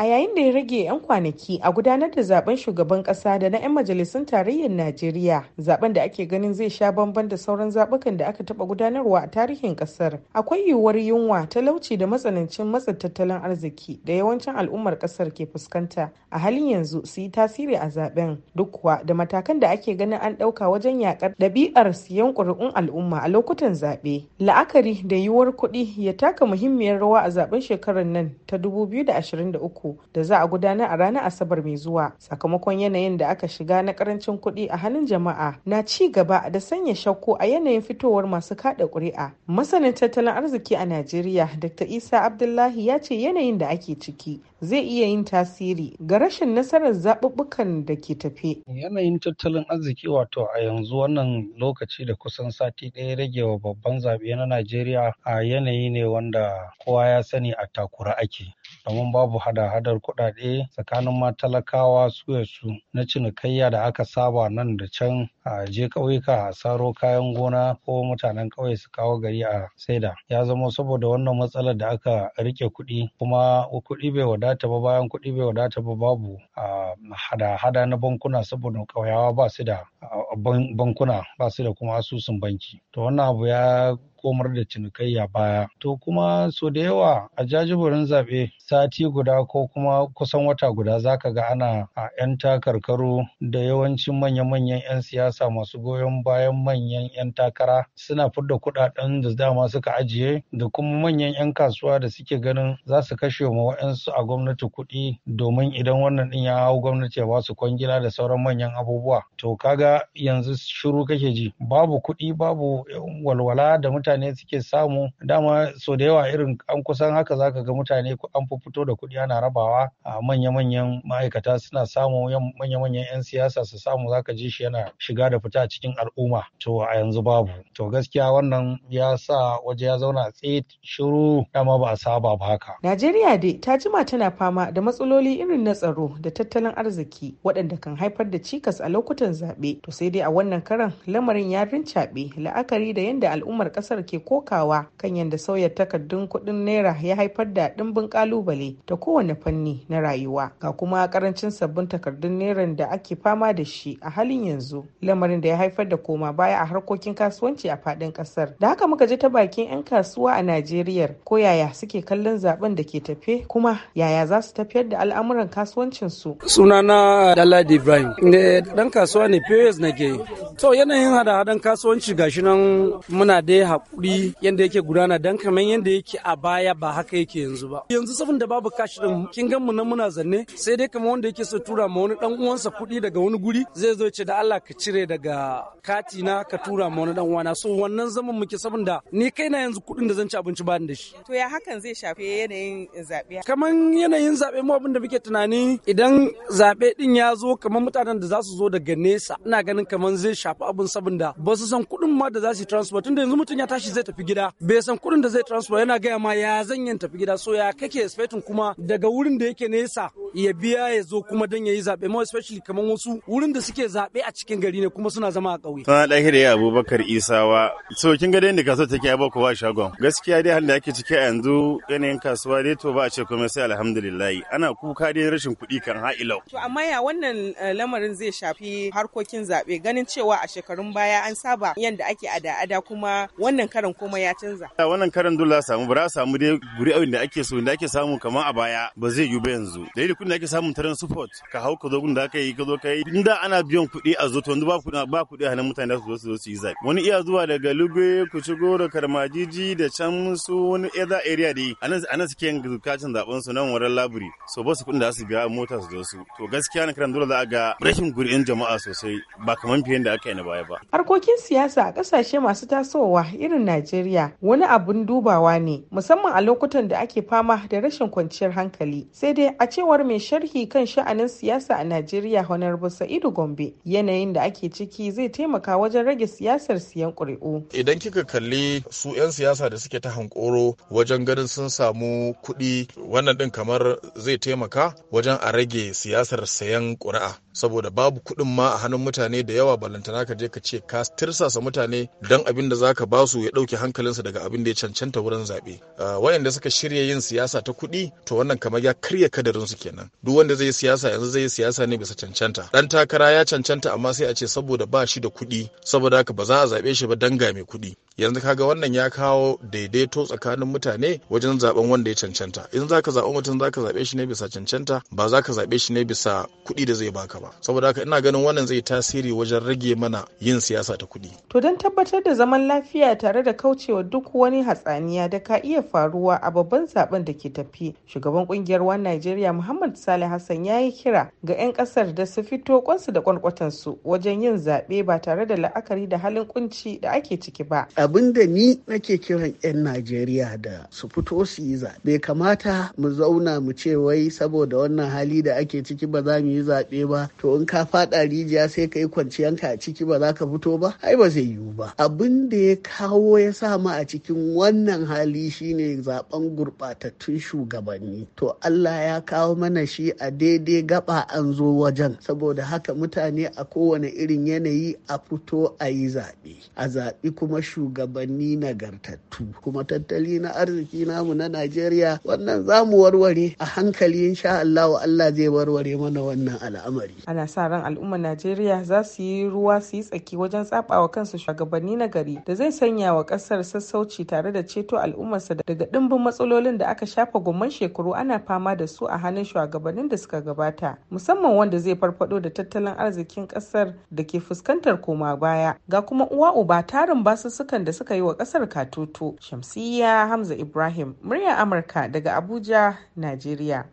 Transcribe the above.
a yayin da ya rage 'yan kwanaki a gudanar da zaben shugaban kasa da na 'yan majalisun tarayyar najeriya zaben da ake ganin zai sha bamban da sauran zabukan da aka taba gudanarwa a tarihin kasar akwai yiwuwar yunwa talauci da matsanancin matsa tattalin arziki da yawancin al'ummar kasar ke fuskanta a halin yanzu su yi tasiri a zaben duk kuwa da matakan da ake ganin an ɗauka wajen yakar ɗabi'ar siyan ƙuri'un al'umma a lokutan zaɓe la'akari da yiwuwar kuɗi ya taka muhimmiyar rawa a zaben shekarar nan ta 2023 da za a gudanar a ranar asabar mai zuwa sakamakon yanayin da aka shiga na karancin kuɗi a hannun jama'a na ci gaba da sanya shakku a yanayin fitowar masu kada ƙuri'a masanin tattalin arziki a najeriya dr isa abdullahi ya ce yanayin da ake ciki zai iya yin tasiri ga rashin nasarar zaɓuɓɓukan da ke tafe yanayin tattalin arziki wato a yanzu wannan lokaci da kusan sati ɗaya rage wa babban zaɓe na najeriya a yanayi ne wanda kowa ya sani a takura ake domin babu hada hada kuɗaɗe tsakanin ma talakawa su su na cinikayya da aka saba nan da can a je ƙauyuka a saro kayan gona ko mutanen ƙauye su kawo gari a saida ya zama saboda wannan matsalar da aka rike kuɗi kuma kuɗi bai wadata ba bayan kuɗi bai wadata ba babu a hada-hada na bankuna saboda ƙauyawa ba su da bankuna ba su da kuma asusun banki to wannan abu ya komar da cinikayya baya. To kuma so da yawa a jajiburin zaɓe sati guda ko kuma kusan wata guda zaka ga ana a 'yan takarkaru da yawancin manyan manyan 'yan siyasa masu goyon bayan manyan 'yan takara suna fidda kuɗaɗen da dama suka ajiye da kuma manyan 'yan kasuwa da suke ganin za su kashe ma wa'yansu a gwamnati kuɗi domin idan wannan ɗin ya hau gwamnati ya ba su kwangila da sauran manyan abubuwa. To kaga yanzu shiru kake ji babu kuɗi babu walwala da mutane mutane suke samu dama so da yawa irin an kusan haka zaka ga mutane an fi fito da kuɗi ana rabawa a manya-manyan ma'aikata suna samu manya-manyan 'yan siyasa su samu zaka ji shi yana shiga da fita cikin al'umma to a yanzu babu to gaskiya wannan ya sa waje ya zauna tsit shiru dama ba a saba ba haka Najeriya dai ta jima tana fama da matsaloli irin na tsaro da tattalin arziki waɗanda kan haifar da cikas a lokutan zaɓe to sai dai a wannan karan lamarin ya caɓe la'akari da yadda al'ummar ƙasar kasar ke kokawa kan yadda sauya takardun kuɗin naira ya haifar da ɗimbin kalubale ta kowane fanni na rayuwa ga kuma karancin sabbin takardun naira da ake fama da shi a halin yanzu lamarin da ya haifar da koma baya a harkokin kasuwanci a faɗin kasar da haka muka ji ta bakin 'yan kasuwa a najeriya ko yaya suke kallon zaben da ke tafe kuma yaya za su tafiyar da al'amuran kasuwancinsu sunana daladi ibrahim dan kasuwa ne pos nake to yanayin hada-hadan kasuwanci gashi nan muna dai kuɗi yadda yake gudana dan kamar yadda yake a baya ba haka yake yanzu ba yanzu saboda babu kashi din kin gan mu nan muna zanne sai dai kamar wanda yake so tura ma wani dan uwansa kuɗi daga wani guri zai zo ce da Allah ka cire daga kati na ka tura ma wani dan uwana so wannan zaman muke saboda ni kaina yanzu kuɗin da zan ci abinci ba da shi to ya hakan zai shafe yanayin zaɓe kamar yanayin zaɓe mu abin da muke tunani idan zaɓe din ya zo kamar mutanen da za su zo daga nesa ina ganin kamar zai shafi abin saboda ba su san kuɗin ma da za su yi transport tunda yanzu mutum ya tashi tashi zai tafi gida bai san kuɗin da zai transfer yana gaya ma ya zan yin tafi gida so ya kake expecting kuma daga wurin da yake nesa ya biya ya zo kuma dan yayi zabe mo especially kamar wasu wurin da suke zabe a cikin gari ne kuma suna zama a ƙauye. da ɗahiri Abubakar Isawa. So kin ga dai inda kaso take ba shagon. Gaskiya dai halin da ake ciki a yanzu yanayin kasuwa dai to ba a ce komai sai alhamdulillah. Ana kuka dai rashin kuɗi kan ha'ilau. To amma ya wannan eh, lamarin zai shafi harkokin zabe ganin cewa a shekarun baya an saba yanda ake ada-ada kuma wannan wannan karan ya canza. Wannan karan dole samu ba za samu dai guri da ake so da ake samu kamar a baya ba zai yiwu ba yanzu. Da yadda kudin da ake samun taron support ka hau ka zo gun da aka yi ka zo ka yi. Inda ana biyan kuɗi a zo to ba kuɗi ba kuɗi a hannun mutane su su zo su yi zafi Wani iya zuwa daga Lugbe, Kucigo da Karmajiji da can su wani eza area yi. A nan suke yin zukacin zaɓen su nan wurin laburi. So ba su kuɗin da za su biya mota su zo su. To gaskiya na karan dole za a ga rashin guri'in jama'a sosai ba kamar fiye da aka yi na baya ba. Harkokin siyasa a ƙasashe masu tasowa irin tsarin Najeriya wani abun dubawa ne musamman a lokutan da ake fama da rashin kwanciyar hankali. Sai dai a cewar mai sharhi kan sha'anin siyasa a Najeriya Honorable Sa'idu Gombe yanayin da ake ciki zai taimaka wajen rage siyasar siyan ƙuri'u. Idan kika kalli su 'yan siyasa da suke ta hankoro wajen ganin sun samu kuɗi wannan ɗin kamar zai taimaka wajen a rage siyasar sayan ƙuri'a. saboda babu kuɗin ma a hannun mutane da yawa balantana ka je ka ce ka tirsasa mutane don abin da zaka ba su ya ɗauke hankalinsu daga abin da ya cancanta wurin zaɓe ah, wayanda suka shirya yin siyasa ta kuɗi to wannan kamar ya karya kadarin su kenan duk wanda zai yi siyasa yanzu zai yi siyasa ne bisa cancanta dan takara ya cancanta amma sai a ce saboda ba shi da kuɗi saboda haka ba za a zaɓe shi ba dan ga mai kuɗi yanzu kaga wannan ya kawo daidaito tsakanin mutane wajen zaben wanda ya cancanta in zaka zaɓi mutum zaka zaɓe shi ne bisa cancanta ba zaka zaɓe shi ne bisa kuɗi da zai baka ba saboda haka ina ganin wannan zai tasiri wajen rage mana yin siyasa ta kuɗi to don tabbatar da zaman lafiya tare da kaucewa duk wani hatsaniya da ka iya faruwa a babban zaben da ke tafi shugaban kungiyar wan Najeriya Muhammad Salih Hassan ya yi kira ga 'yan kasar da su fito kwansu da kwankwatansu wajen yin zaɓe ba tare da la'akari da halin kunci da ake ciki ba abin da ni nake kiran 'yan najeriya da su fito su yi zaɓe kamata mu zauna mu ce wai saboda wannan hali da ake ciki ba za mu yi zaɓe ba to in ka faɗa rijiya sai ka yi kwanciyanka a ciki ba za ka fito ba ai ba zai yiwu ba abin da ya kawo ya sa mu a cikin wannan hali shine zaben gurɓatattun shugabanni to allah ya kawo mana shi a daidai gaba an zo wajen saboda haka mutane a kowane irin yanayi a fito a yi zaɓe a zaɓi kuma shugaban. shugabanni nagartattu kuma tattali na arziki namu na najeriya wannan zamu warware a hankali insha allahu allah zai warware mana wannan al'amari ana sa ran al'ummar najeriya za su yi ruwa su yi tsaki wajen tsabawa kansu shugabanni nagari da zai sanya wa kasar sassauci tare da ceto al'ummarsa daga dimbin matsalolin da aka shafa gomman shekaru ana fama da su a hannun shugabannin da suka gabata musamman wanda zai farfado da tattalin arzikin kasar da ke fuskantar koma baya ga kuma uwa uba tarin suka waɗanda suka yi wa kasar katoto Shamsiyya Hamza Ibrahim, murya Amurka daga Abuja, Najeriya.